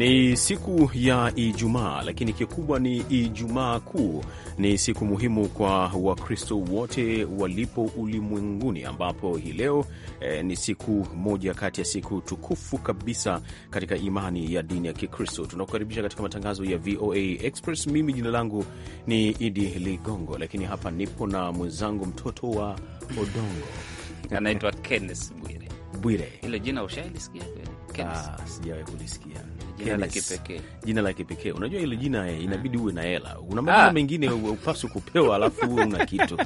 Ni siku ya Ijumaa, lakini kikubwa ni Ijumaa Kuu. Ni siku muhimu kwa Wakristo wote walipo ulimwenguni, ambapo hii leo eh, ni siku moja kati ya siku tukufu kabisa katika imani ya dini ya Kikristo. Tunakukaribisha katika matangazo ya VOA Express. Mimi jina langu ni Idi Ligongo, lakini hapa nipo na mwenzangu mtoto wa Odongo anaitwa Kenneth Bwire. Bwire, hilo jina ushailisikia kweli? Ah, sijawahi kulisikia jina la kipekee. Unajua hilo jina eh, inabidi uwe na hela, una majina ah. mengine upaswi kupewa, alafu uwe una kitu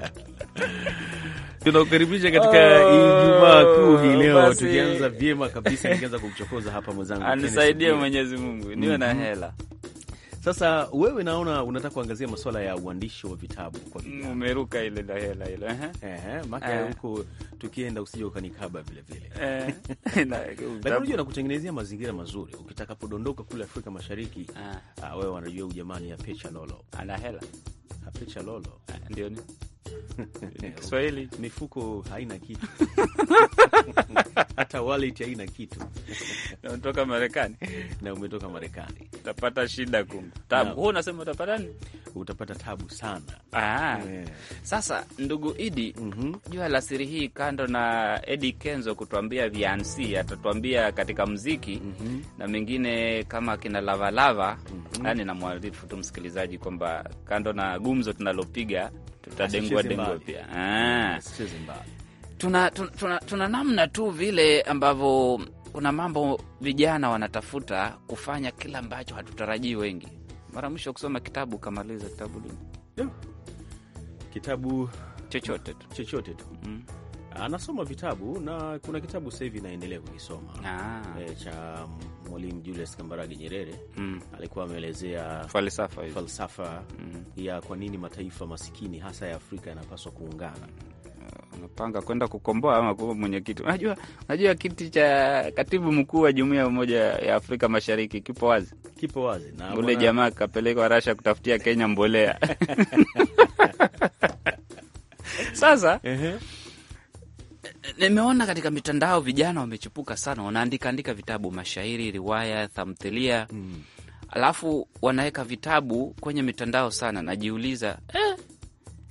Tunakukaribisha katika oh, Ijumaa Kuu hii leo, tukianza vyema kabisa, nikianza kumchokoza hapa mwenzangu, anisaidie Mwenyezi Mungu niwe na mhm. hela sasa wewe naona unataka kuangazia masuala ya uandishi wa vitabu kwa vijana. Umeruka ile la ile eh, maka huko tukienda usije ukanikaba vile vile eh. lakini unajua nakutengenezea mazingira mazuri ukitakapodondoka kule Afrika Mashariki Uh, wewe wanajua ujamani ya pecha lolo ana hela pecha lolo eh, ndio ni Kiswahili mifuko haina kitu hata wallet haina kitu. na umetoka Marekani na umetoka Marekani, utapata shida kungu tabu. Huo unasema utapata nini? Utapata tabu sana. Ah, yeah. Sasa ndugu Idi, mm -hmm. jua la siri hii, kando na edi Kenzo kutuambia viansi, atatuambia katika mziki mm -hmm. na mengine kama kina Lavalava mm -hmm. Ah, yani, namwarifu tu msikilizaji kwamba kando na gumzo tunalopiga tutadengwa Dengo ah. tuna, tuna, tuna, tuna namna tu vile ambavyo kuna mambo vijana wanatafuta kufanya kila ambacho hatutarajii wengi. Mara mwisho kusoma kitabu ukamaliza kitabu lini? Yeah. Kitabu chochote tu, chochote tu mm. Anasoma ah, vitabu na kuna kitabu sahivi naendelea kukisoma ah. E, cha Mwalimu Julius Kambarage Nyerere mm. alikuwa ameelezea falsafa, falsafa mm. ya kwa nini mataifa masikini hasa ya Afrika yanapaswa kuungana anapanga kwenda kukomboa ama kuwa mwenyekiti. Unajua, unajua kiti cha katibu mkuu wa jumuiya ya Umoja ya Afrika Mashariki kipo wazi, kipo wazi na ule wana... jamaa kapelekwa Rasha kutafutia Kenya mbolea sasa Nimeona katika mitandao vijana wamechipuka sana, wanaandika andika vitabu, mashairi, riwaya, tamthilia mm. Alafu wanaweka vitabu kwenye mitandao sana, najiuliza eh,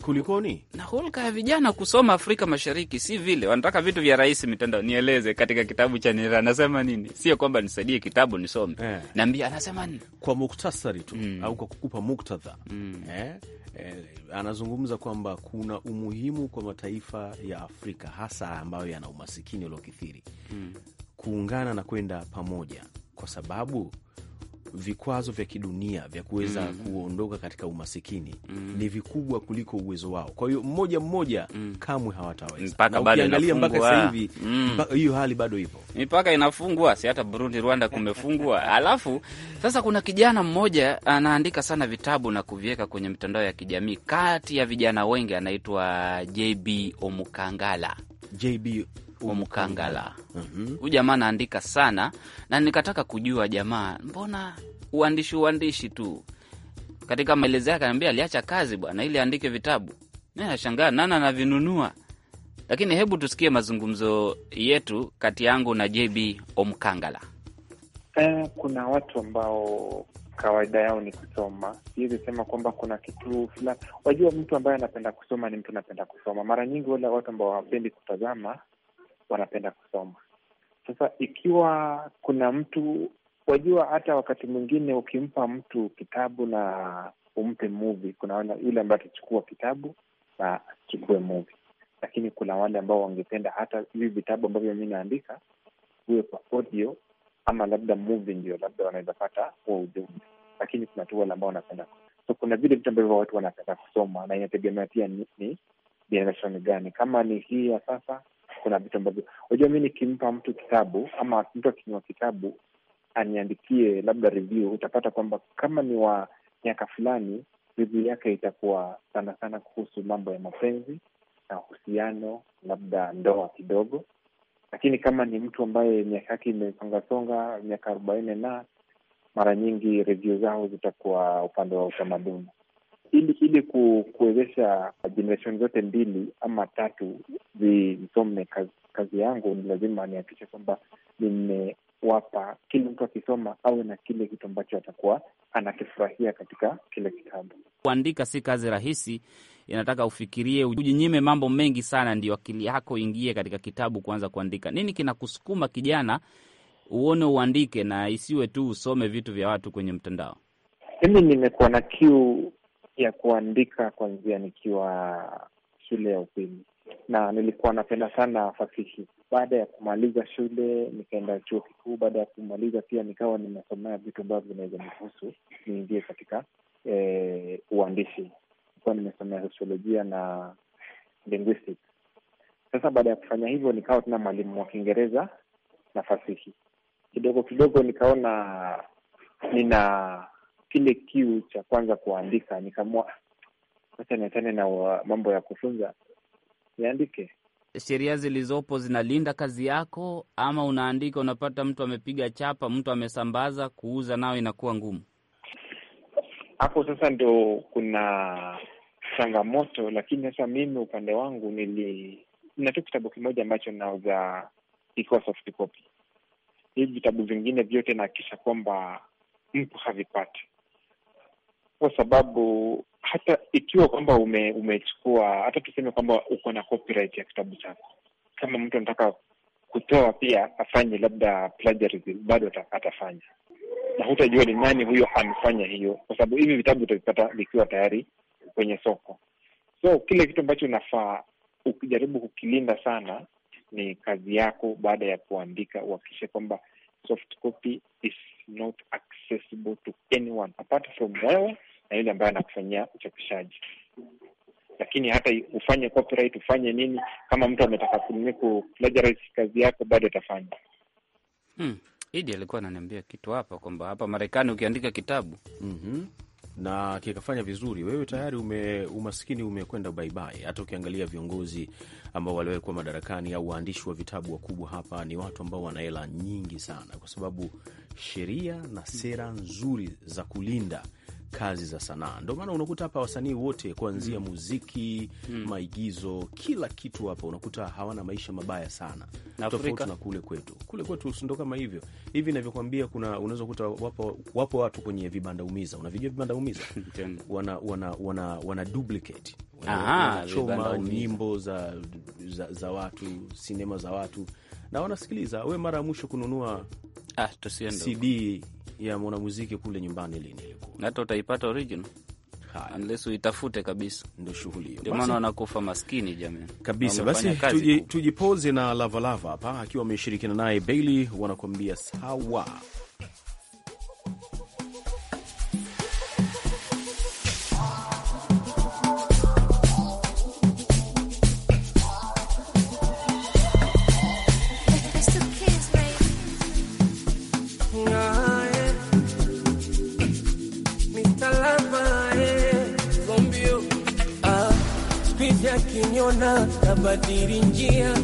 Kulikoni na hulka ya vijana kusoma Afrika Mashariki, si vile wanataka vitu vya rahisi mitandao. Nieleze katika kitabu cha nira anasema nini? Sio kwamba nisaidie kitabu nisome eh, Nambia anasema nini kwa muktasari tu mm, au kwa kukupa muktadha mm, eh, eh, anazungumza kwamba kuna umuhimu kwa mataifa ya Afrika hasa ambayo yana umasikini uliokithiri mm, kuungana na kwenda pamoja kwa sababu vikwazo vya kidunia vya kuweza mm. kuondoka katika umasikini mm. ni vikubwa kuliko uwezo wao. Kwa hiyo mmoja mmoja mm. kamwe hawataweza. Ukiangalia mpaka sasa hivi mm. hiyo mm. hali bado ipo, mipaka inafungwa, si hata Burundi, Rwanda kumefungwa. Alafu sasa kuna kijana mmoja anaandika sana vitabu na kuviweka kwenye mitandao ya kijamii, kati ya vijana wengi anaitwa JB Omukangala JB Omukangala mhm. huyu jamaa anaandika sana, na nikataka kujua jamaa, mbona uandishi uandishi tu? Katika maelezo yake anaambia aliacha kazi bwana ili aandike vitabu. Mi nashangaa nana anavinunua, lakini hebu tusikie mazungumzo yetu kati yangu na JB Omkangala. Eh, kuna watu ambao kawaida yao ni kusoma. Siwezi sema kwamba kuna kitu fulani. Wajua, mtu ambaye anapenda kusoma ni mtu anapenda kusoma. Mara nyingi wale watu ambao hawapendi kutazama wanapenda kusoma. Sasa ikiwa kuna mtu wajua, hata wakati mwingine ukimpa mtu kitabu na umpe movie, kuna yule ambaye atachukua kitabu na achukue movie, lakini kuna wale ambao wangependa hata hivi vitabu ambavyo mi naandika huwe kwa audio ama labda movie, ndio labda wanaweza pata huo ujumbe, lakini kuna tu wale ambao wanapenda so, kuna vile vitu ambavyo watu wanapenda kusoma, na inategemea pia ni generation gani, kama ni hii ya sasa kuna vitu ambavyo unajua, mi nikimpa mtu kitabu ama mtu akinua kitabu aniandikie labda review, utapata kwamba kama ni wa miaka fulani, review yake itakuwa sana sana kuhusu mambo ya mapenzi na uhusiano, labda ndoa kidogo. Lakini kama ni mtu ambaye miaka yake imesongasonga, miaka arobaini na mara nyingi review zao zitakuwa upande wa utamaduni ili ili kuwezesha jeneresheni zote mbili ama tatu zisome kazi, kazi yangu, ni lazima nihakikishe kwamba nimewapa kila mtu akisoma awe na kile kitu ambacho atakuwa anakifurahia katika kile kitabu. Kuandika si kazi rahisi, inataka ufikirie, ujinyime mambo mengi sana, ndio akili yako ingie katika kitabu kuanza kuandika. Nini kinakusukuma kijana uone uandike na isiwe tu usome vitu vya watu kwenye mtandao? Mimi nimekuwa na kiu ya kuandika kwanzia nikiwa shule ya upili, na nilikuwa napenda sana fasihi. Baada ya kumaliza shule nikaenda chuo kikuu. Baada ya kumaliza pia nikawa nimesomea vitu ambavyo vinaweza nihusu niingie katika e, uandishi. Nilikuwa nimesomea sosiolojia na linguistics. Sasa baada ya kufanya hivyo nikawa tuna mwalimu wa Kiingereza na fasihi kidogo kidogo, nikaona nina kile kiu cha kwanza kuandika, nikamua wacha niachane na mambo ya kufunza, niandike. Sheria zilizopo zinalinda kazi yako, ama unaandika, unapata mtu amepiga chapa, mtu amesambaza, kuuza nayo inakuwa ngumu. Hapo sasa ndo kuna changamoto, lakini sasa mimi upande wangu nili na tu kitabu kimoja ambacho nauza ikiwa copy. Hivi vitabu vingine vyote naakikisha kwamba mtu havipati kwa sababu hata ikiwa kwamba ume, umechukua hata tuseme kwamba uko na copyright ya kitabu chako, kama mtu anataka kutoa pia afanye labda plagiarism, bado atafanya na hutajua ni nani huyo amefanya hiyo, kwa sababu hivi vitabu utavipata vikiwa tayari kwenye soko. So kile kitu ambacho unafaa ukijaribu kukilinda sana ni kazi yako baada ya kuandika, uhakikishe kwamba soft copy is not accessible to anyone apart from wewe na yule ambaye anakufanyia uchapishaji. Lakini hata ufanye copyright, ufanye nini, kama mtu ametaka ku plagiarize kazi yako bado atafanya. Hmm. Idi alikuwa ananiambia kitu hapa kwamba hapa Marekani ukiandika kitabu mm -hmm na kikafanya vizuri, wewe tayari ume, umaskini umekwenda baibai. Hata ukiangalia viongozi ambao waliwekwa madarakani au waandishi wa vitabu wakubwa hapa ni watu ambao wana hela nyingi sana, kwa sababu sheria na sera nzuri za kulinda kazi za sanaa. Ndo maana unakuta hapa wasanii wote kuanzia mm. muziki mm. maigizo, kila kitu hapa unakuta hawana maisha mabaya sana, tofauti na kule kwetu. Kule kwetu sindo kama hivyo hivi navyokwambia. Kuna unaweza kuta wapo, wapo watu kwenye vibanda umiza, unavijua vibanda umiza wana, wana, wana, wana duplicate choma nyimbo za, za, za watu sinema za watu na wanasikiliza. We mara ya mwisho kununua ah, CD ya mwanamuziki kule nyumbani lini ilikuwa, hata utaipata original unless uitafute kabisa, ndio shughuli hiyo. Ndio maana wanakufa maskini jamii kabisa. Basi tujipoze na Lavalava hapa akiwa ameshirikiana naye Bailey, wanakuambia sawa. kubadili njia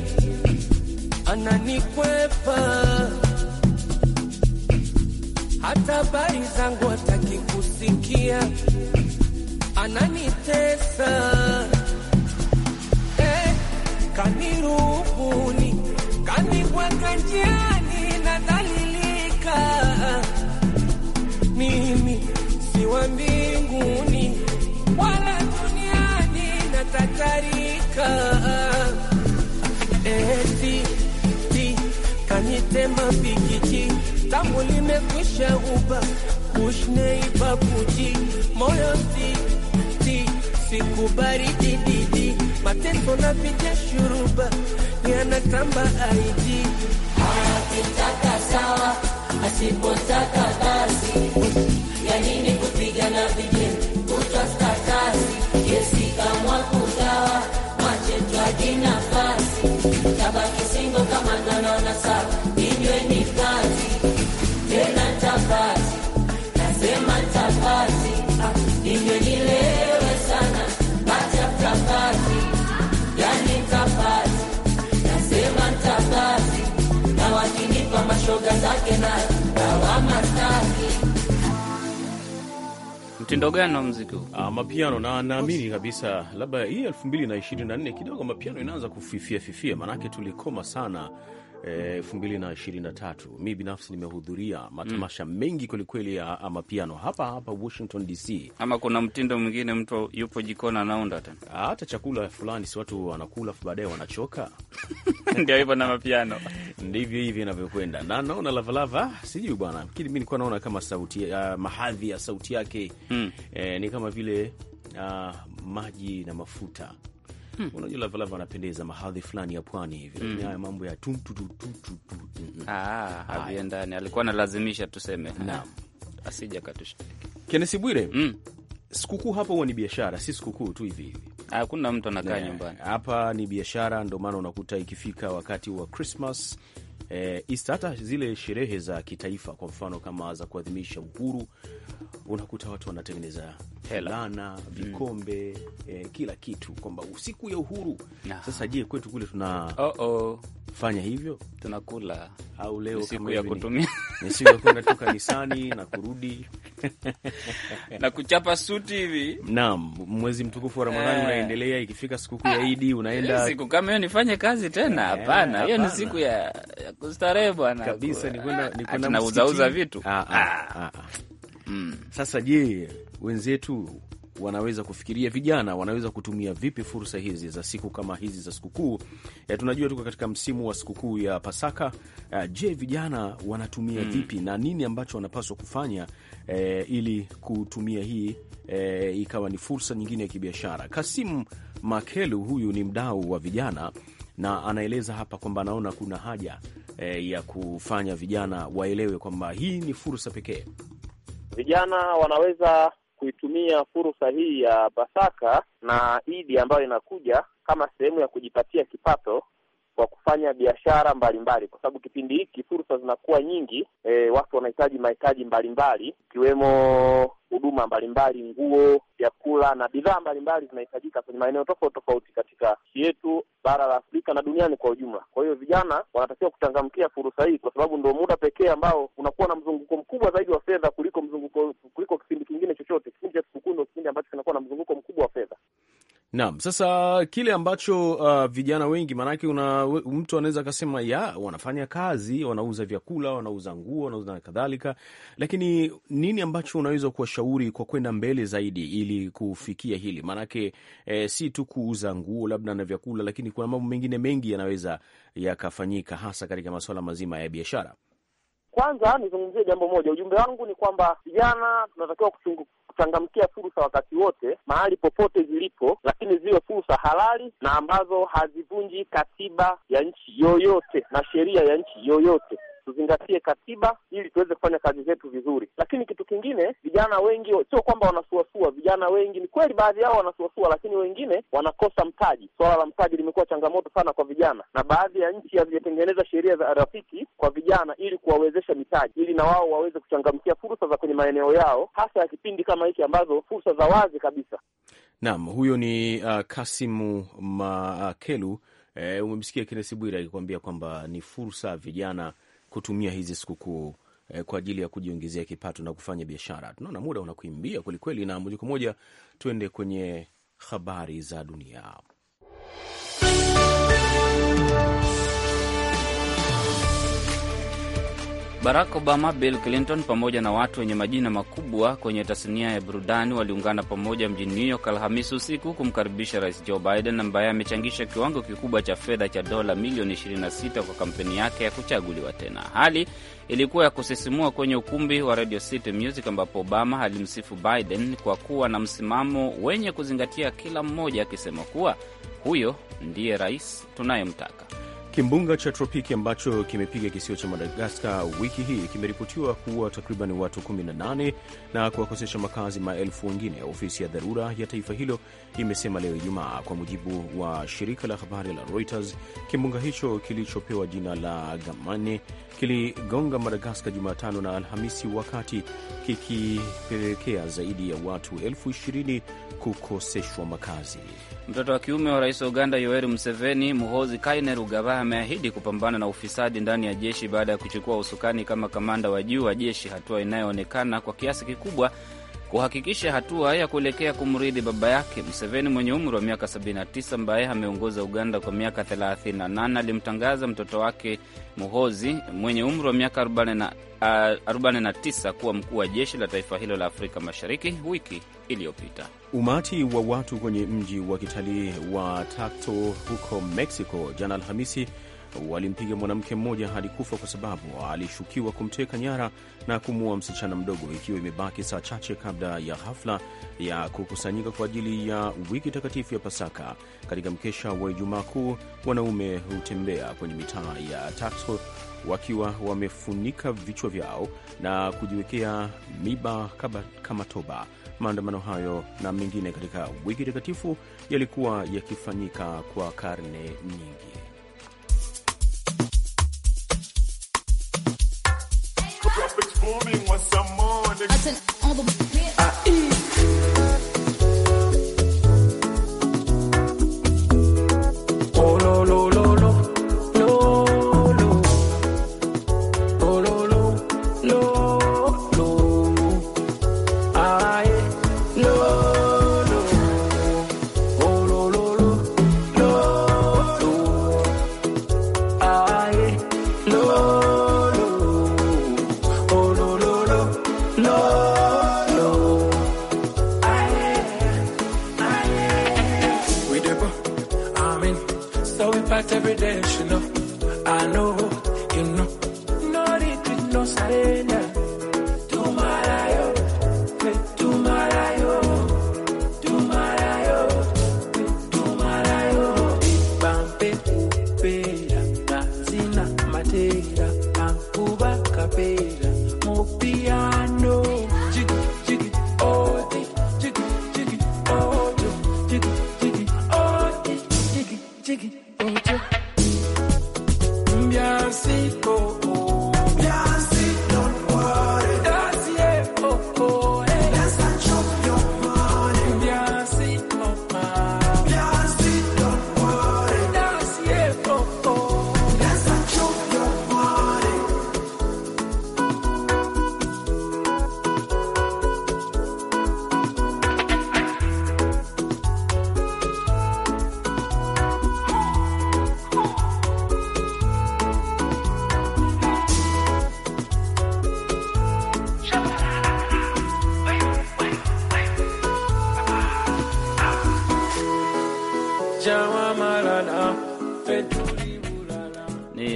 anani sikubali dididi, mateso na napitia shuruba, yanatamba aidi. Akitaka sawa, asipotaka basi, ya nini kupigana vije kutwastakasi, kesi kamwa kugawa, mache twajinafasi, tabaki singo kama nanaona sawa shoga zake na staki. Mtindo gani wa mziki huu? Ah, mapiano na naamini kabisa labda hii 224 kidogo mapiano inaanza kufifia fifia, manake tulikoma sana Eh, elfu mbili na ishirini na tatu. Mi binafsi nimehudhuria matamasha mm. mengi kwelikweli ya amapiano hapa hapa Washington DC. Ama kuna mtindo mwingine, mtu yupo jikoni anaunda tena hata chakula fulani, si watu wanakula baadaye wanachoka ndio hivyo na mapiano ndivyo hivi inavyokwenda, na naona Lavalava sijui bwana, lakini mi nikuwa naona kama sauti, uh, mahadhi ya sauti yake mm. eh, ni kama vile uh, maji na mafuta mm. Unajua Lavalava anapendeza mahadhi fulani ya pwani hivi, mm. haya mambo ya tumtututututu ah, haviendani. Alikuwa analazimisha tuseme, naam, ah, asija katushiriki. Kenesi Bwire, mm. sikukuu hapa huwa ni biashara, si sikukuu tu hivi hivi Hakuna mtu anakaa eh, nyumbani hapa, ni biashara. Ndio maana unakuta ikifika wakati wa Christmas eh, hata zile sherehe za kitaifa, kwa mfano kama za kuadhimisha uhuru, unakuta watu wanatengeneza helana mm. vikombe, mm. eh, kila kitu kwamba siku ya uhuru nah. Sasa je, kwetu kule tuna oh -oh fanya hivyo, tunakula au leo siku ya kutumia ni siku ya kwenda tu kanisani na kurudi na kuchapa suti hivi. Naam, mwezi mtukufu wa Ramadhani eh. unaendelea. Ikifika sikukuu ya Idi unaenda eh, siku kama hiyo, nifanye kazi tena? Eh, hapana, hiyo ni siku ya, ya kustarehe bwana kabisa, ni kwenda ni kwenda kuuzauza vitu. Ah, ah, ah. Mm. Sasa je, wenzetu wanaweza kufikiria vijana wanaweza kutumia vipi fursa hizi za siku kama hizi za sikukuu. Eh, tunajua tuko katika msimu wa sikukuu ya Pasaka. Eh, je, vijana wanatumia mm. vipi na nini ambacho wanapaswa kufanya e, ili kutumia hii e, ikawa ni fursa nyingine ya kibiashara? kasim Makelu huyu ni mdau wa vijana na anaeleza hapa kwamba anaona kuna haja e, ya kufanya vijana waelewe kwamba hii ni fursa pekee. Vijana wanaweza kuitumia fursa hii ya Pasaka na Idi ambayo inakuja kama sehemu ya kujipatia kipato kwa kufanya biashara mbalimbali, kwa sababu kipindi hiki fursa zinakuwa nyingi. E, watu wanahitaji mahitaji mbalimbali ikiwemo huduma mbalimbali, nguo, vyakula na bidhaa mbalimbali zinahitajika kwenye maeneo tofauti tofauti katika nchi yetu, bara la Afrika na duniani kwa ujumla. Kwa hiyo vijana wanatakiwa kuchangamkia fursa hii, kwa sababu ndio muda pekee ambao unakuwa na mzunguko mkubwa zaidi wa fedha kuliko mzunguko kuliko kipindi ambacho kinakuwa na mzunguko mkubwa wa fedha. Naam, sasa kile ambacho uh, vijana wengi maanake, una mtu anaweza akasema ya wanafanya kazi, wanauza vyakula, wanauza nguo, wanauza na kadhalika, lakini nini ambacho unaweza kuwashauri kwa kwenda mbele zaidi ili kufikia hili? Maanake eh, si tu kuuza nguo labda na vyakula, lakini kuna mambo mengine mengi yanaweza yakafanyika, hasa katika masuala mazima ya biashara. Kwanza nizungumzie jambo moja, ujumbe wangu ni kwamba vijana tunatakiwa kuchangamkia fursa wakati wote mahali popote zilipo, lakini ziwe fursa halali na ambazo hazivunji katiba ya nchi yoyote na sheria ya nchi yoyote tuzingatie katiba ili tuweze kufanya kazi zetu vizuri. Lakini kitu kingine, vijana wengi sio kwamba wanasuasua. Vijana wengi ni kweli, baadhi yao wanasuasua, lakini wengine wanakosa mtaji. Suala la mtaji limekuwa changamoto sana kwa vijana, na baadhi ya nchi hazijatengeneza sheria za rafiki kwa vijana ili kuwawezesha mitaji, ili na wao waweze kuchangamkia fursa za kwenye maeneo yao, hasa ya kipindi kama hiki ambazo fursa za wazi kabisa. Naam, huyo ni uh, Kasimu Makelu. E, umemsikia kenesi Bwira akikuambia kwamba ni fursa vijana kutumia hizi sikukuu eh, kwa ajili ya kujiongezea kipato na kufanya biashara. Tunaona muda unakuimbia kwelikweli, na moja kwa moja tuende kwenye habari za dunia. Barack Obama, Bill Clinton pamoja na watu wenye majina makubwa kwenye tasnia ya burudani waliungana pamoja mjini New York Alhamisi usiku kumkaribisha Rais Joe Biden ambaye amechangisha kiwango kikubwa cha fedha cha dola milioni 26 kwa kampeni yake ya kuchaguliwa tena. Hali ilikuwa ya kusisimua kwenye ukumbi wa Radio City Music ambapo Obama alimsifu Biden kwa kuwa na msimamo wenye kuzingatia kila mmoja, akisema kuwa huyo ndiye rais tunayemtaka. Kimbunga cha tropiki ambacho kimepiga kisiwa cha Madagaskar wiki hii kimeripotiwa kuua takriban watu 18 na kuwakosesha makazi maelfu wengine, ofisi ya dharura ya taifa hilo imesema leo Ijumaa, kwa mujibu wa shirika la habari la Reuters. Kimbunga hicho kilichopewa jina la Gamane kiligonga Madagaskar Jumatano na Alhamisi, wakati kikipelekea zaidi ya watu elfu 20 kukoseshwa makazi. Mtoto wa kiume wa rais wa Uganda Yoweri Museveni, Muhozi Kainerugaba, ameahidi kupambana na ufisadi ndani ya jeshi baada ya kuchukua usukani kama kamanda wa juu wa jeshi, hatua inayoonekana kwa kiasi kikubwa kuhakikisha hatua ya kuelekea kumrithi baba yake. mseveni mwenye umri wa miaka 79 ambaye ameongoza Uganda kwa miaka 38 alimtangaza mtoto wake Muhozi mwenye umri wa miaka 49 kuwa mkuu wa jeshi la taifa hilo la Afrika Mashariki wiki iliyopita. Umati wa watu kwenye mji wa kitalii wa Takto huko Mexico jana Alhamisi walimpiga mwanamke mmoja hadi kufa kwa sababu alishukiwa kumteka nyara na kumuua msichana mdogo, ikiwa imebaki saa chache kabla ya hafla ya kukusanyika kwa ajili ya wiki takatifu ya Pasaka. Katika mkesha wa Ijumaa Kuu, wanaume hutembea kwenye mitaa ya Taxco wakiwa wamefunika vichwa vyao na kujiwekea miba kama toba. Maandamano hayo na mengine katika wiki takatifu yalikuwa yakifanyika kwa karne nyingi. some more. I said all the. I eat.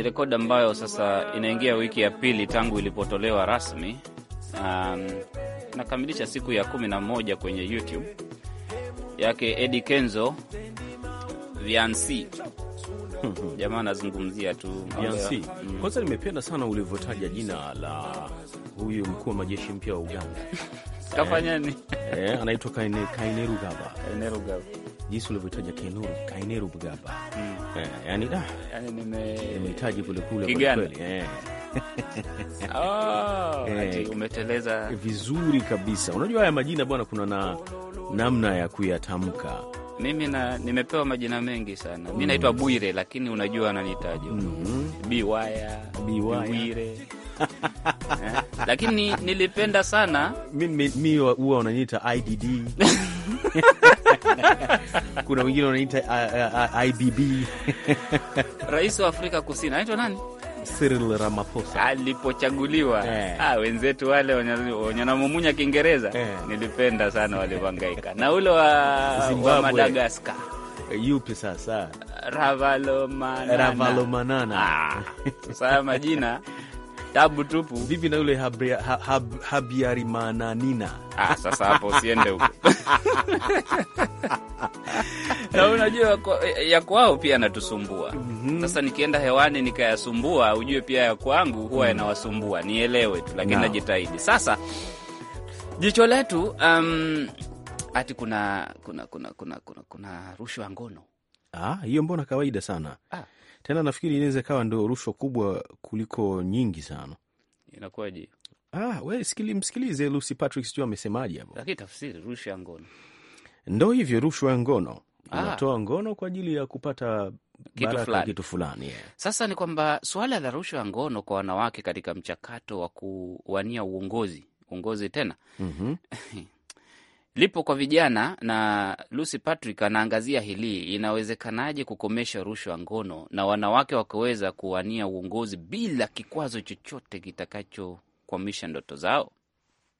rekodi ambayo sasa inaingia wiki ya pili tangu ilipotolewa rasmi. Um, nakamilisha siku ya kumi na moja kwenye YouTube yake Eddie Kenzo Vianci. Hmm. Jamaa anazungumzia tu Vianci. Mm. Kwanza nimependa sana ulivyotaja jina la huyu mkuu wa majeshi mpya wa Uganda. kafanyani eh, eh, anaitwa Kainerugaba. Kainerugaba jinsi ulivyotaja Kainuru Kaineru Bugaba mm. Eh, yani da ah, yani nimehitaji kule kule kweli eh. Oh, eh, umeteleza vizuri kabisa. Unajua haya majina bwana, kuna na namna ya kuyatamka. Mimi na nimepewa majina mengi sana mm. Mi naitwa Bwire, lakini unajua ananitaja mm -hmm. Biwaya, Biwaya. Bwire eh? Lakini nilipenda sana mi huwa wananiita IDD kuna wengine wanaita IBB. Rais wa Afrika Kusini anaitwa nani? Cyril Ramaphosa alipochaguliwa, yeah. Ah, wenzetu wale wanyanamumunya Kiingereza, yeah. Nilipenda sana walivyohangaika na ule wa, wa Madagaskar eh, yupi sasa? Ravalomanana, Ravalomanana. Ah, sasa majina tabu tupu. Vipi na yule mananina? Ah, sasa hapo usiende huko na unajua ya kwao pia anatusumbua. mm -hmm. Sasa nikienda hewani nikayasumbua, ujue pia ya kwangu huwa mm. yanawasumbua, nielewe tu, lakini no. najitahidi sasa jicho letu um, ati kuna kuna kuna kuna kuna, kuna rushwa ngono Ah, hiyo mbona kawaida sana ah. Tena nafikiri inaweza kawa ndo rushwa kubwa kuliko nyingi sana. Inakuwaje? Ah, we sikili, msikilize Lucy Patrick sijui amesemaje hapo, lakini tafsiri rushwa ya ngono ndo hivyo, rushwa ya ngono ah. inatoa ngono kwa ajili ya kupata kitu fulani, kitu fulani yeah. Sasa ni kwamba suala la rushwa ya ngono kwa wanawake katika mchakato wa kuwania uongozi uongozi tena mm -hmm. lipo kwa vijana na Lucy Patrick anaangazia hili, inawezekanaje kukomesha rushwa ngono na wanawake wakaweza kuwania uongozi bila kikwazo chochote kitakachokwamisha ndoto zao?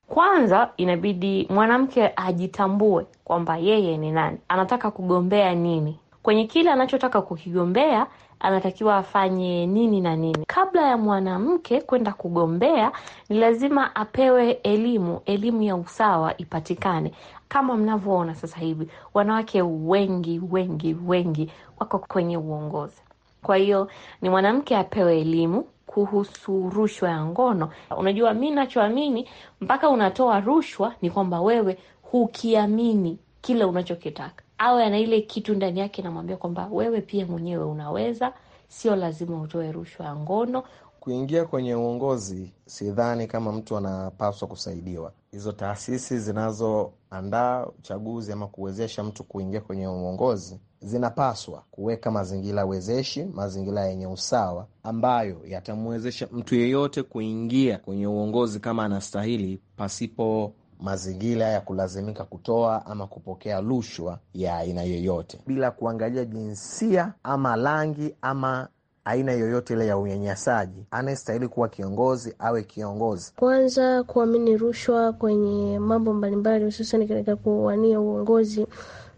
Kwanza inabidi mwanamke ajitambue kwamba yeye ni nani, anataka kugombea nini kwenye kile anachotaka kukigombea anatakiwa afanye nini na nini. Kabla ya mwanamke kwenda kugombea, ni lazima apewe elimu, elimu ya usawa ipatikane. Kama mnavyoona sasa hivi, wanawake wengi wengi wengi wako kwenye uongozi. Kwa hiyo ni mwanamke apewe elimu kuhusu rushwa ya ngono. Unajua, mi nachoamini mpaka unatoa rushwa ni kwamba wewe hukiamini kile unachokitaka awe ana ile kitu ndani yake, namwambia kwamba wewe pia mwenyewe unaweza, sio lazima utoe rushwa ya ngono. Kuingia kwenye uongozi, sidhani kama mtu anapaswa kusaidiwa. Hizo taasisi zinazoandaa uchaguzi ama kuwezesha mtu kuingia kwenye uongozi zinapaswa kuweka mazingira wezeshi, mazingira yenye usawa ambayo yatamwezesha mtu yeyote kuingia kwenye uongozi kama anastahili, pasipo mazingira ya kulazimika kutoa ama kupokea rushwa ya aina yoyote bila kuangalia jinsia ama rangi ama aina yoyote ile ya unyanyasaji. Anayestahili kuwa kiongozi awe kiongozi. Kwanza, kuamini rushwa kwenye mambo mbalimbali, hususani katika kuwania uongozi,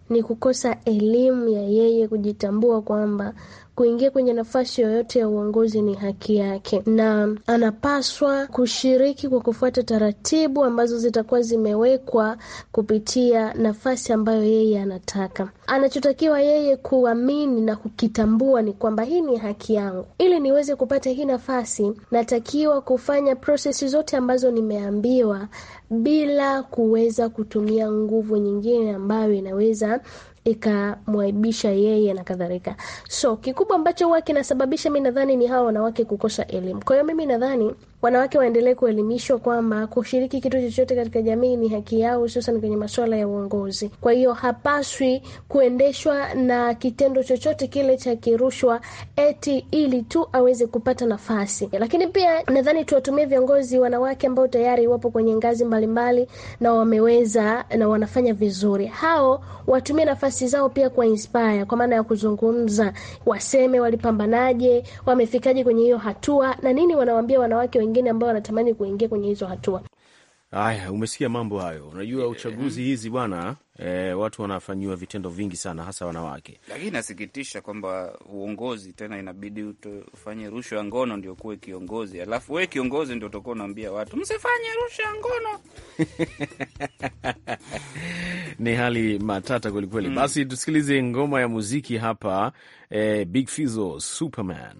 ni kukosa elimu ya yeye kujitambua kwamba kuingia kwenye nafasi yoyote ya uongozi ni haki yake, na anapaswa kushiriki kwa kufuata taratibu ambazo zitakuwa zimewekwa kupitia nafasi ambayo yeye anataka. Anachotakiwa yeye kuamini na kukitambua ni kwamba hii ni haki yangu. Ili niweze kupata hii nafasi, natakiwa kufanya prosesi zote ambazo nimeambiwa bila kuweza kutumia nguvu nyingine ambayo inaweza ikamwaibisha yeye na kadhalika. So kikubwa ambacho huwa kinasababisha mi nadhani ni hawa wanawake kukosa elimu. Kwa hiyo mimi nadhani wanawake waendelee kuelimishwa kwamba kushiriki kitu chochote katika jamii ni haki yao, hususan kwenye masuala ya uongozi. Kwa hiyo hapaswi kuendeshwa na kitendo chochote kile cha kirushwa eti ili tu aweze kupata nafasi. Lakini pia nadhani tuwatumie viongozi wanawake ambao tayari wapo kwenye ngazi mbalimbali na wameweza na wanafanya vizuri, hao watumie nafasi zao pia kwa inspire, kwa maana ya kuzungumza, waseme walipambanaje, wamefikaje kwenye hiyo hatua na nini wanawaambia wanawake wengine ambao wanatamani kuingia kwenye hizo hatua. Aya, umesikia mambo hayo. Unajua eh, uchaguzi eh. hizi bwana e, watu wanafanyiwa vitendo vingi sana, hasa wanawake. Lakini nasikitisha kwamba uongozi tena inabidi ufanye rushwa ya ngono ndio kuwe kiongozi, alafu we kiongozi ndio utakuwa unaambia watu msifanye rushwa ya ngono ni hali matata kwelikweli. Mm. Basi tusikilize ngoma ya muziki hapa, e, Big Fizzo Superman.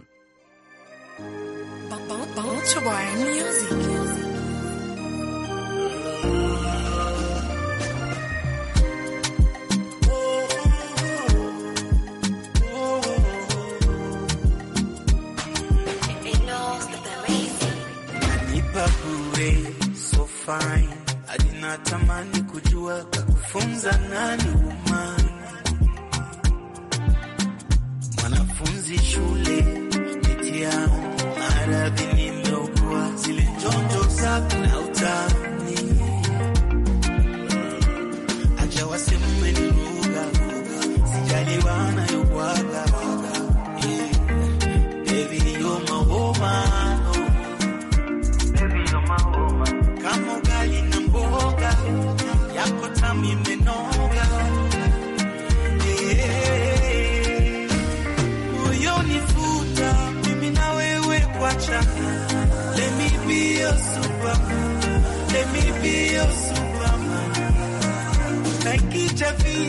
Boat, boat, boat, boat, boy, music.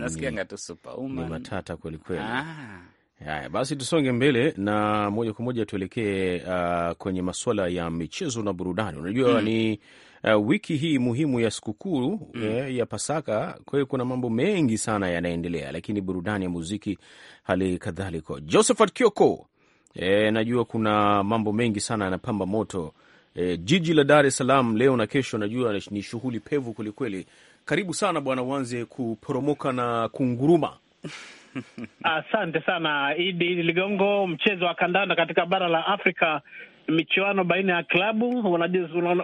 tunasikianga mm. tu Superwoman. Ni matata kwelikweli. Ah. Haya basi, tusonge mbele na moja kwa moja tuelekee uh, kwenye masuala ya michezo na burudani. Unajua mm. ni uh, wiki hii muhimu ya sikukuu mm. eh, ya Pasaka. Kwa hiyo kuna mambo mengi sana yanaendelea, lakini burudani ya muziki hali kadhalika. Josephat Kioko, eh, najua kuna mambo mengi sana yanapamba moto e, jiji la Dar es Salaam leo na kesho, najua ni shughuli pevu kwelikweli karibu sana bwana, uanze kuporomoka na kunguruma. Asante sana Idi Ligongo. Mchezo wa kandanda katika bara la Afrika, michuano baina ya klabu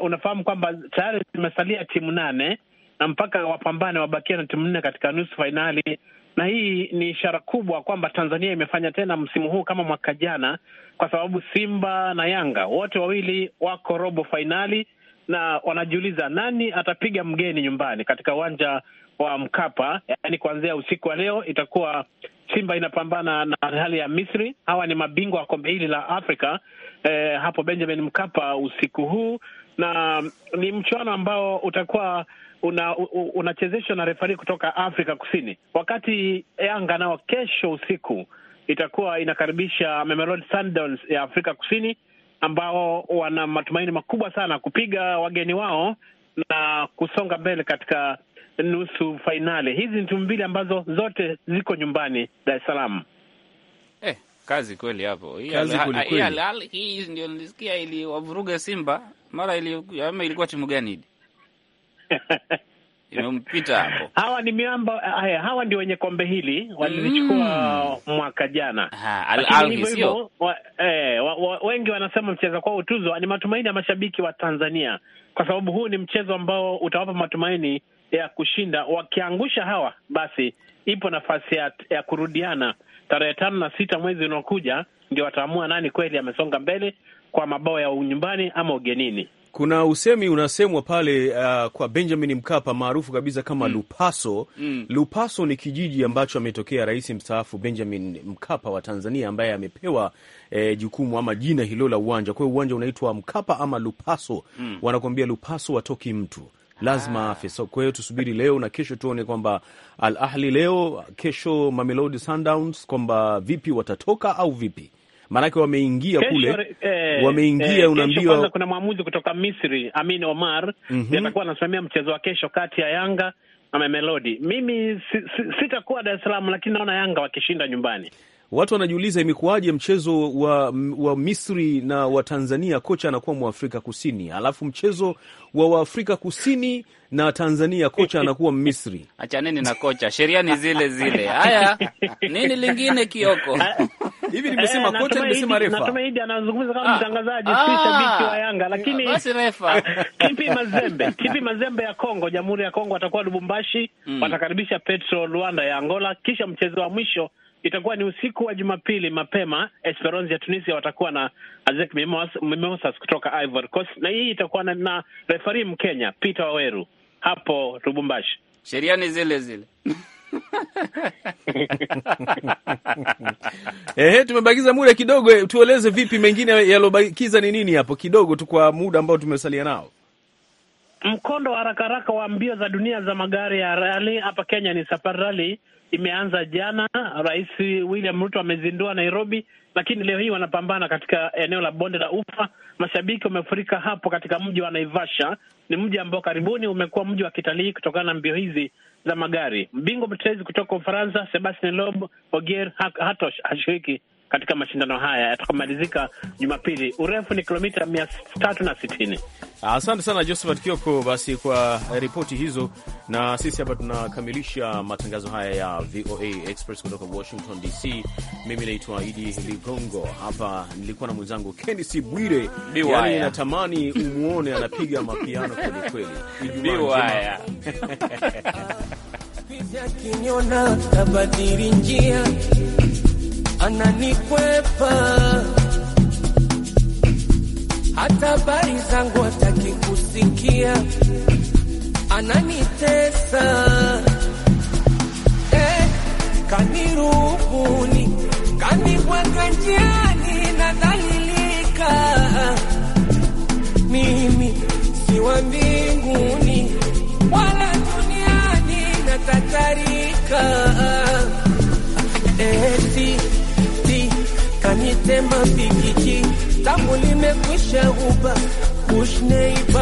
unafahamu kwamba tayari zimesalia timu nane na mpaka wapambane wabakia na timu nne katika nusu fainali, na hii ni ishara kubwa kwamba Tanzania imefanya tena msimu huu kama mwaka jana, kwa sababu Simba na Yanga wote wawili wako robo fainali na wanajiuliza nani atapiga mgeni nyumbani katika uwanja wa Mkapa. Yaani, kuanzia usiku wa leo itakuwa Simba inapambana na hali ya Misri. Hawa ni mabingwa wa kombe hili la Afrika eh, hapo Benjamin Mkapa usiku huu, na ni mchuano ambao utakuwa unachezeshwa una na refari kutoka Afrika Kusini, wakati Yanga nao kesho usiku itakuwa inakaribisha Mamelodi Sundowns ya Afrika Kusini ambao wana matumaini makubwa sana kupiga wageni wao na kusonga mbele katika nusu fainali. Hizi ni timu mbili ambazo zote ziko nyumbani Dar es Salaam. Eh, kazi kweli hapo. Hii ndio nilisikia iliwavuruga Simba mara ili, ilikuwa timu gani hidi umepita hapo. Hawa ni miamba haya, hawa ndio wenye kombe hili walichukua mm. mwaka jana hivyo. Eh, wa, wengi wanasema mchezo kwao tuzo ni matumaini ya mashabiki wa Tanzania, kwa sababu huu ni mchezo ambao utawapa matumaini ya kushinda. Wakiangusha hawa, basi ipo nafasi ya, ya kurudiana tarehe tano na sita mwezi unaokuja, ndio wataamua nani kweli amesonga mbele kwa mabao ya unyumbani ama ugenini kuna usemi unasemwa pale uh, kwa Benjamin Mkapa maarufu kabisa kama mm. Lupaso mm. Lupaso ni kijiji ambacho ametokea rais mstaafu Benjamin Mkapa wa Tanzania ambaye amepewa eh, jukumu ama jina hilo la uwanja. Kwa hiyo uwanja unaitwa Mkapa ama Lupaso mm. wanakuambia Lupaso watoki mtu lazima ah. afe. So, kwa hiyo tusubiri leo na kesho tuone kwamba Al Ahli leo, kesho Mamelodi Sundowns, kwamba vipi watatoka au vipi maanake wameingia kule, eh, wameingia eh, unaambiwa, kuna mwamuzi kutoka Misri Amin Omar mm-hmm. atakuwa anasimamia mchezo wa kesho kati ya Yanga na Mamelodi. Mimi sitakuwa Dar es Salaam, lakini naona Yanga wakishinda nyumbani. Watu wanajiuliza imekuwaje mchezo wa, wa Misri na wa Tanzania kocha anakuwa Mwafrika Kusini, alafu mchezo wa Waafrika Kusini na Tanzania kocha anakuwa Misri. Achaneni na kocha, sheria ni zile zile. Haya, nini lingine Kioko? Hivi nimesema eh, kocha, nimesema refa. Natumai Idi anazungumza kama ah. mtangazaji, si ah. shabiki wa Yanga, lakini basi refa. Mazembe, Mazembe ya Kongo, Jamhuri ya Kongo, atakuwa Lubumbashi, hmm. watakaribisha Petro Luanda ya Angola, kisha mchezo wa mwisho itakuwa ni usiku wa Jumapili mapema. Esperance ya Tunisia watakuwa na Azek Mimosas kutoka Ivory Coast, na hii itakuwa na, na refari Mkenya Peter Waweru hapo Lubumbashi. Sheria ni zile zile. Ehe, tumebakiza muda kidogo, tueleze vipi mengine yaliobakiza ni nini hapo kidogo tu, kwa muda ambao tumesalia nao. Mkondo wa haraka haraka wa mbio za dunia za magari ya rali hapa Kenya ni Safari Rali imeanza jana. Rais William Ruto amezindua Nairobi, lakini leo hii wanapambana katika eneo la bonde la Ufa. Mashabiki wamefurika hapo katika mji wa Naivasha. Ni mji ambao karibuni umekuwa mji wa kitalii kutokana na mbio hizi za magari. Mbingwa mtetezi kutoka Ufaransa Sebastien Loeb Ogier hatosh hashiriki katika mashindano haya yatakamalizika Jumapili. Urefu ni kilomita mia tatu na sitini. Asante sana Josephat Kioko, basi kwa ripoti hizo, na sisi hapa tunakamilisha matangazo haya ya VOA Express kutoka Washington DC. Mimi naitwa Idi Ligongo, hapa nilikuwa na mwenzangu Kenisi Bwire. Yani natamani umwone anapiga mapiano kwelikweli. Ijumaa njema ananikwepa, hata habari zangu hataki kusikia, ananitesa eh, kanirubuni, kanibwaga njiani, nadhalilika mimi si wa mbinguni wala duniani, natatarika Mapikiki tamu limekwisha uba kushneiba